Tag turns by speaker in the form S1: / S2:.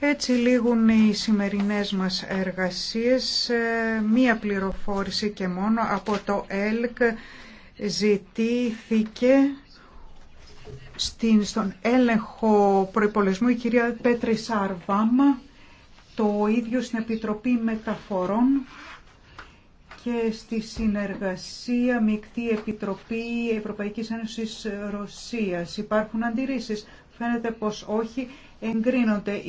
S1: Έτσι λήγουν οι σημερινές μας εργασίες. Ε, μία πληροφόρηση και μόνο από το ΕΛΚ ζητήθηκε στην, στον έλεγχο προϋπολογισμού η κυρία Πέτρη Σαρβάμα, το ίδιο στην Επιτροπή Μεταφορών και στη συνεργασία Μικτή Επιτροπή Ευρωπαϊκής Ένωσης Ρωσίας. Υπάρχουν αντιρρήσεις. Φαίνεται πως όχι
S2: εγκρίνονται